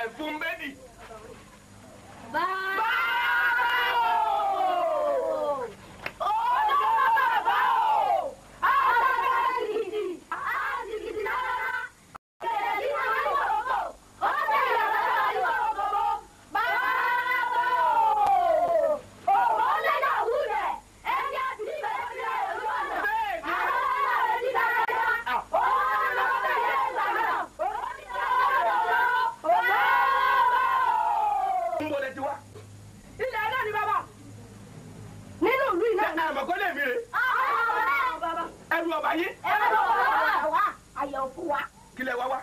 ẹ̀fún bẹ́ẹ̀ni. bye. bá yín. ẹ má bọ̀ wá wá ayọ̀ fún wa. kí lẹ wá wá.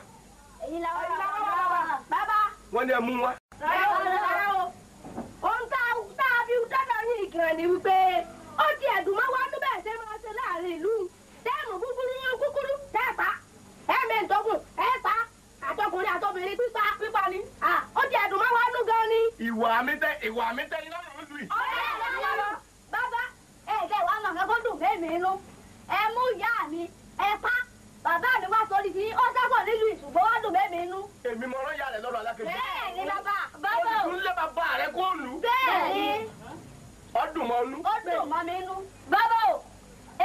èyí la wá wá bàbá. wọ́n ní ẹ mú wá. rárá o ohun tá a fi dọ́dọ̀ yín ìkìlọ̀ ni wípé ó di ẹ̀dùn mọ́ wá níbẹ̀ ṣe máa ṣe láàrin ìlú tẹ́ẹ̀mù kúkúrú yín kúkúrú tẹ́ẹ̀pá ẹ̀mí ìtọ́gùn ẹ̀ẹ́pá àtọkùnrin àtọbìnrin pípa pípa ni ó di ẹ̀dùn mọ́ wá nú gan ni. ìwà mi tẹ ìwà mi tẹ iná ló ń lù yìí. ọ̀rẹ́ ẹ̀ lọ́wọ́ bàbá ẹ̀ẹ́dẹ̀ wà lọ́kẹ́ kó dùn fẹ́mi ló ẹ pa bàbá mi wá sórí ti ó sábọ̀ nílùú ìṣùgbọ́n wá dùn mẹ́mi inú. èmi mo rán yàrá lọ́rọ̀ alákejì. bẹ́ẹ̀ ni bàbá bàbá o. olùdúnlé bàbá rẹ kó lù. bẹ́ẹ̀ ni. ọdún mọ́ lù. ọdún mọ́ mi inú. bàbá o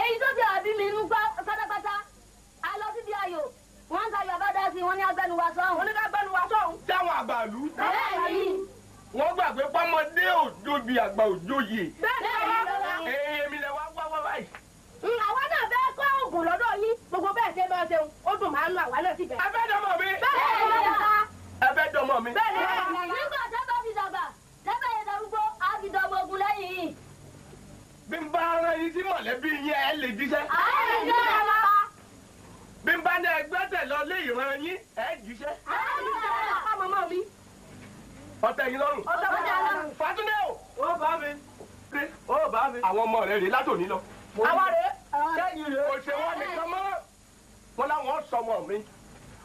èyí tó ti àbí mi inú gbọ́ pátápátá a lọ síbi ayò wọ́n ń ka yorùbá dá sí wọ́n ní agbẹnuwa sọ́hún. wọ́n ní agbẹnuwa sọ́hún. dáwọn àgbàlú. bẹ́ẹ̀ ni. wọ́n gbàgbé pọ́mọdé òjòbi àgbà òjòyè. bẹ́ẹ̀ ni. èèyàn mi lè wá wá wá báyìí. máa ṣeun ó dùn máa lọ àwa náà síbẹ̀. ẹ fẹ́ dọmọ mi. bẹ́ẹ̀ ni ẹ fẹ́ dọmọ mi. bẹ́ẹ̀ ni nígbà tẹ́fẹ́ fi dàgbà tẹ́fẹ́ yẹn darúgbó á fi dọmọ ogun lẹ́yìn yìí. bí n bá ara yín sí mọ̀lẹ́bí yín ẹ lè jíṣẹ́. àyè ń jẹ́ ẹ lọ́wọ́. bí n bá ní ẹgbẹ́ tẹ̀ lọ lé ìran yín ẹ jíṣẹ́. àyè ń jẹ́ ẹ lọ́wọ́ ọtẹ yín lọ́rùn. ọtẹ bá yà lọ́rùn. Fàtúndé o. ó bá mi. ó bá mi. àwọn ọmọ rẹ rèé látòní lọ. àwa rèé. kẹ́yìn rèé. òṣèwọ́n nìkan mọ́ wọn làwọn sọmọ mi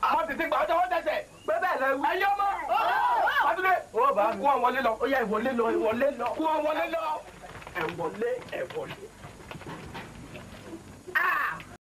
àwọn tètè gbà ọjọ́ wọn tẹsẹ̀ pé bẹ́ẹ̀ lẹ wí. ẹyọ mọ pàtúndé ó bá mi kú wọn wọlé lọ ó yá ìwọlé lọ ìwọlé lọ kú wọn wọlé lọ ẹwọlé ẹwọlé.